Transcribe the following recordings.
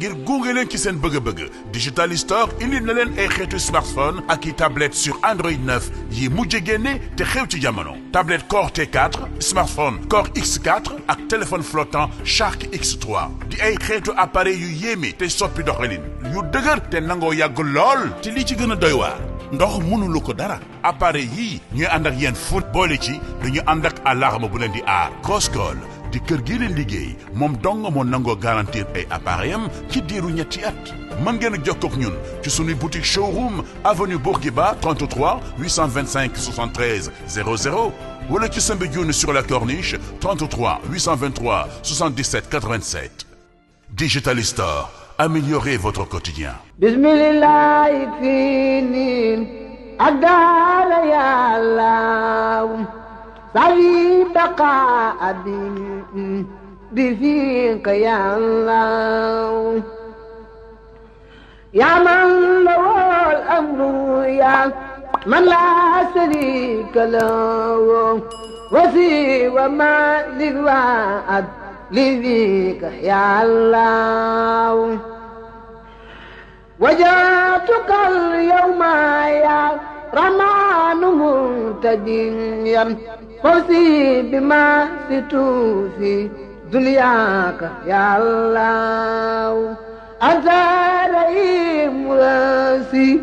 ngir gunge leen ci seen bëgg-bëgg digital store indi na leen ay xeetu smartphone ak i tablette sur Android 9 yi mu génne te xew ci jamono tablette Core te 4 smartphone Core x ak téléphone flottant Shark X3 di ay xeetu appareil yu yéeme te soppi doxalin yu dëgër te nangoo yàgg lool te li ci gën a doy waar ndox mënulu ko dara appareil yi ñuy ànd ak yéen fu boole ci du ñu ànd ak alarme bu leen di aar Crosscall di kër gi leen liggéey moom dong moo nangoo garantir ay appareil am ci diiru ñetti at mën ngeen a jokkoo ak ñun ci suñuy boutique showroom avenue Bourguiba 33 825 73 00 wala ci Soumbédioune sur la corniche 33 823 77 87 Digital Store améliorez votre quotidien bismillahi fiinin addaara yàlla sari baqa abi بفيك يا الله يا من له الأمر يا من لا شريك له وسيب ما للوعد لذيك يا الله وجاتك اليوم يا رمان مرتديا فوزي بما ستوفي دنياك يا الله أنت رئيم راسي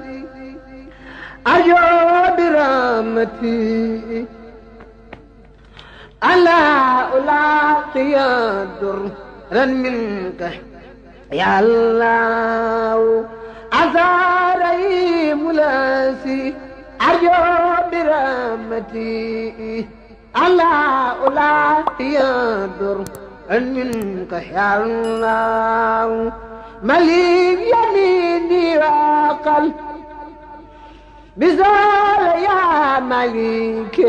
أجو برحمتي ألا ألاقي درا منك يا الله أزاري ملاسي أجو برحمتي ألا أولا يدر أن منك يا الله مليك يميني وقل بزول يا مليك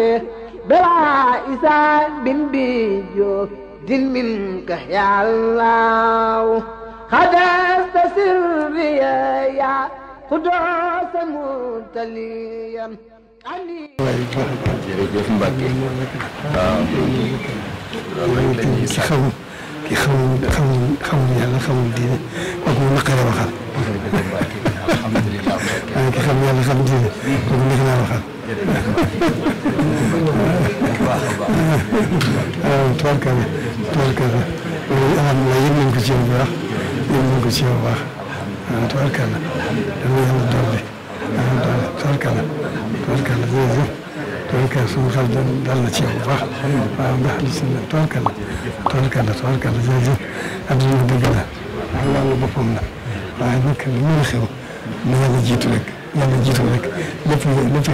بلا إسان بن بيجو دين منك يا الله خدست سري يا قداس متليا علي jërëjëf Mbacke waaw loolu la ñuy sax ki xamul xamul xamul yàlla xamul diine kooku mu naqare waxal waaye ah, ki xam yàlla xam diine kooku neex naa waxal waaw tubarkalla tubarkalla alhamdulilah yëg nañ ko ci yow bu baax yëg nañ ko ci yow bu baax ah tubarkalla dama yàlla dolli dama dolli tubarkalla tubarkalla jërëjëf ci yow bu baax waaw ndax li si ne tubarkalla tubarkalla tubarkalla jërëjëf adduna dëgg la ndax loolu boppam la waaye nag li mën a na yàlla jiitu rek yàlla jiitu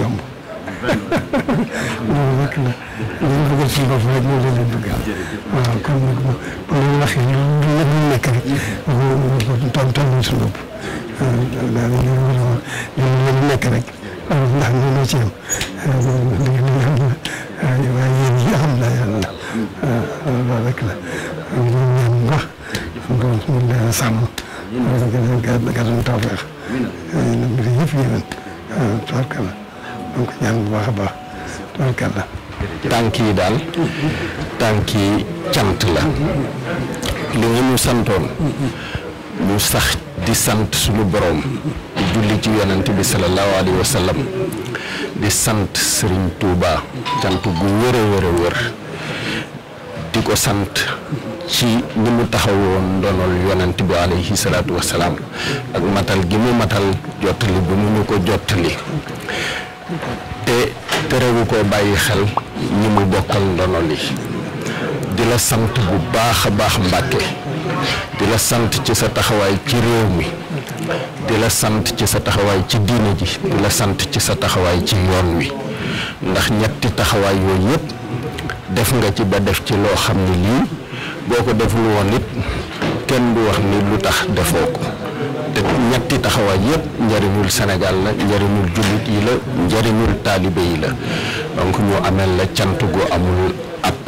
loolu rek la li ñu bëggal suñu bopp rek moom la leen bëggal waaw kon nag bu leen waxee lu lu nekk rek waxu tam tam suñu bopp daal ñu lu nekk rek ndax ñu noo ci yam léegi li nga xam ne waaye yéen yi xam naa yàlla la loolu rek la ñu ñaan bu baax suñu borom suñu leen sàmm yi daal tànki cant la li nga ñu santoon ñu sax di sant suñu boroom di julli ci yonent bi sallallahu alayhi wa di sant Serigne Touba cant gu wër a wër di ko sant ci ni mu taxawoon ndonol yonent bi alayhi salaatu wa salaam ak matal gi mu matal jottali bi mu ñu ko jottali te terewu ko bàyyi xel ñi mu bokkal ndono li di la sant bu baax a baax Mbàkke di la sant ci sa taxawaay ci réew mi di la sant ci sa taxawaay ci diine ji di la sant ci sa taxawaay ci yoon wi ndax ñetti taxawaay yooyu yëpp def nga ci ba def ci loo xam ne lii boo ko deful woon it kenn du wax ni lu tax defoo ko te ñetti taxawaay yëpp njëriñul Sénégal la njëriñul jullit yi la njëriñul taalibe yi la donc ñu amel la cant gu amul app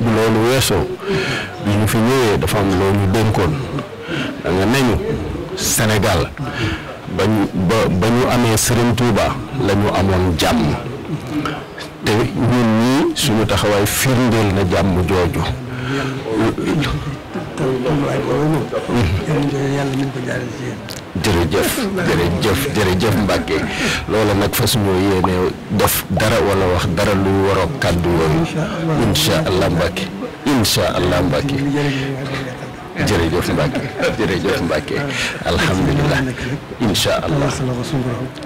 bu loolu weesoo bi ñu fi ñëwee dafa am loolu ñu dénkoon da nga ñu Sénégal ba ñu ba ba ñu amee Serigne Touba la amoon jàmm te ñun ñii suñu taxawaay firndeel na jàmm jooju. jërëjëf jërëjëf jërëjëf Mbacke loola nag fas moo yéene def dara wala wax dara luy waroo kàddu yooyu incha allah Mbacke incha allah Mbacke jërëjëf Mbacke allah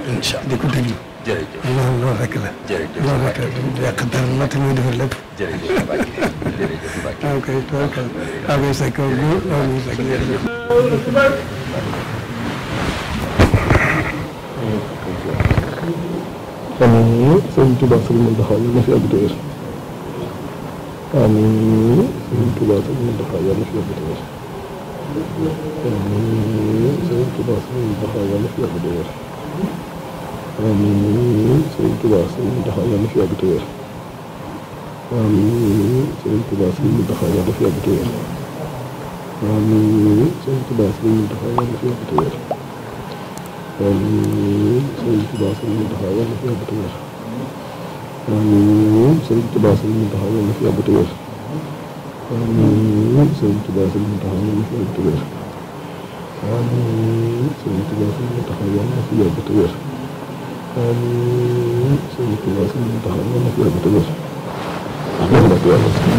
incha jërëjëf loolu loolu rek la. jërëjëf loolu rek la lépp. amiin sëñ Touba Sëriñ Mountakha yàlla na fi àgg te wér amiin sëñ Touba Sëriñ Mountakha yàlla na fi àgg te wér amiin sëñ Touba Sëriñ Mountakha yàlla na fi àgg te wér amiin sëñ Touba Sëriñ Mountakha yàlla na fi àgg te wér amiin sëñ Touba Sëriñ Mountakha yàlla na fi àgg te wér amiin sëñ Touba Sëriñ Mountakha yàlla na fi àgg te wér sëriñ Tuubaa sëriñ Muntaxa yàlla fi yàgg te wér amiin sëriñ Tuubaa sëriñ Muntaxa yàlla fi yàgg te wér amiin sëriñ Tuubaa sëriñ Muntaxa yàlla fi yàgg te wér amiin sëriñ Tuubaa sëriñ Muntaxa yàlla fi yàgg te wér amiin sëriñ Tuubaa sëriñ Muntaxa yàlla fi yàgg te wér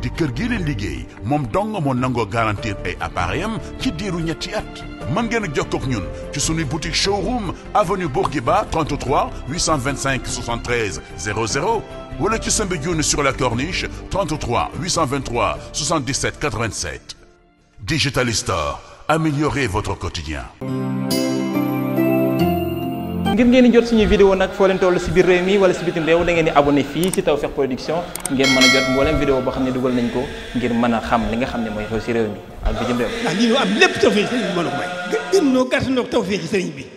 di kër gi leen liggéey moom dong moo nangoo garantir ay appareil am ci diiru ñetti at mën ngeen a jokkoo ak ñun ci suñuy boutique showroom avenue Bourguiba 33 825 73 00 wala ci Soumbédioune sur la corniche 33 823 77 87 Digital Store améliorez votre quotidien ngir ngeen di jot suñuy vidéo nag foo leen toll si biir réew mi wala si bitim réew da ngeen di abonné fii si Tawfekh Production ngeen mën a jot mbooleem vidéo boo xam ne dugal nañ ko ngir mën a xam li nga xam ne mooy xew si réew mi ak bitim réew. ndax lii am lépp Tawfekh sëriñ bi mën a may. gën noo gàtt noo Tawfekh sëriñ bi.